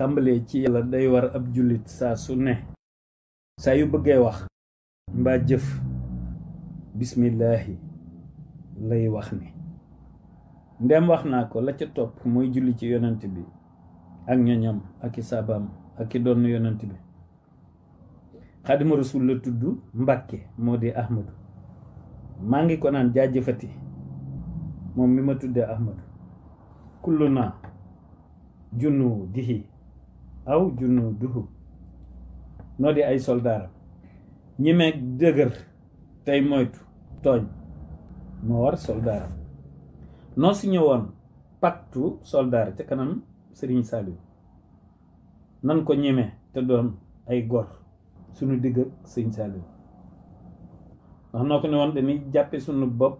tàmbalee ci yalla day war ab julit sa su ne sa yu bëggee wax mba jëf bismillah lay wax ni ndem wax na ko la ci top moy julli ci yonent bi ak ñoñam ak sabam ak doon yonent bi khadim rasul la tuddu mbàkke modi ahmad ahmadu mangi ngi ko nan jaajeufati mom mi ma tuddé ahmadu kuluna junu dihi aw junuduhu noo di ay soldaaram ñi meeg dëgër tey moytu tooñ moo war soldaaram noo si ñëwoon pactu soldaar ca kanam sëriñ Saliou nan ko ñeme te doon ay gor suñu digg ak sëñ Saliou ndax noo ko ne woon dañuy jàppe suñu bopp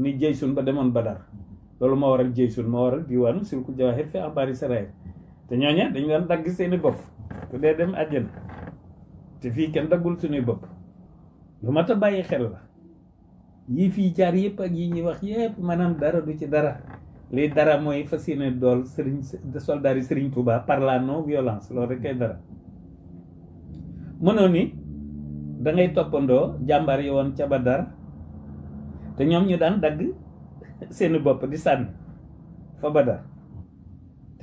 ni jëy suñ ba demoon Badar loolu moo waral jëy suñ moo waral diwaanu sulku jawahir fi axbaari sarair te ñoña dañ seni dagg seeni bopp ku dee dem àjjana te fii kenn daggul suñuy bopp lu mat a bàyyi xel la yi fii jaar yépp ak yi ñuy wax yépp maanaam dara du ci dara li dara mooy fasiyene yéene dool sëriñ soldat yi sëriñ Touba par la non violence loolu rek kay dara mënoo ni da ngay toppandoo jàmbaar yi woon ca dar te ñoom ñu daan dagg seeni bopp di sànni fa dar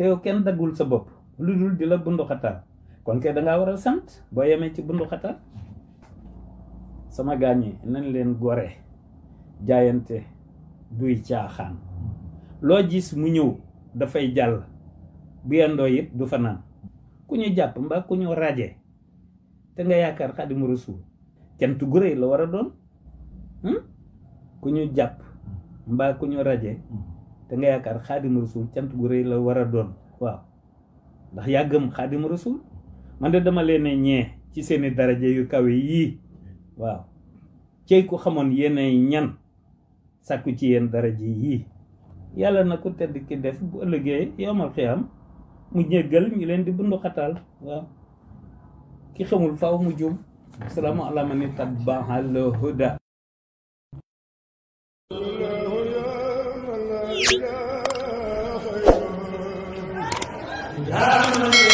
te yow kenn daggul sa bop lu di la bundu xataal kon ke da nga waral sant boo yemee ci bundu sama gañi nan len gore jaayante duy caaxaan lo gis mu da fay jall bu yando yit du fa nan ku ñu japp mba ku ñu raje te nga yaakaar xaadimu rasul cant tu rëy la wara a hmm ku ñu japp mba ku ñu raje te nga yaakaar xaadim rasul cant gu rëy la war a doon waaw ndax yaa gëm xaadim rasul man de dama leen ñee ci seeni daraja yu kawe yi waaw cey ku xamoon yéenay ñan sàkku ci yéen daraja yi yàlla na tedd ki def bu ëllëgee yowmal xiyam mu jéggal ñu leen di bundu xatal waaw ki xamul faaw mu jum salaamu ala man al huda Amen.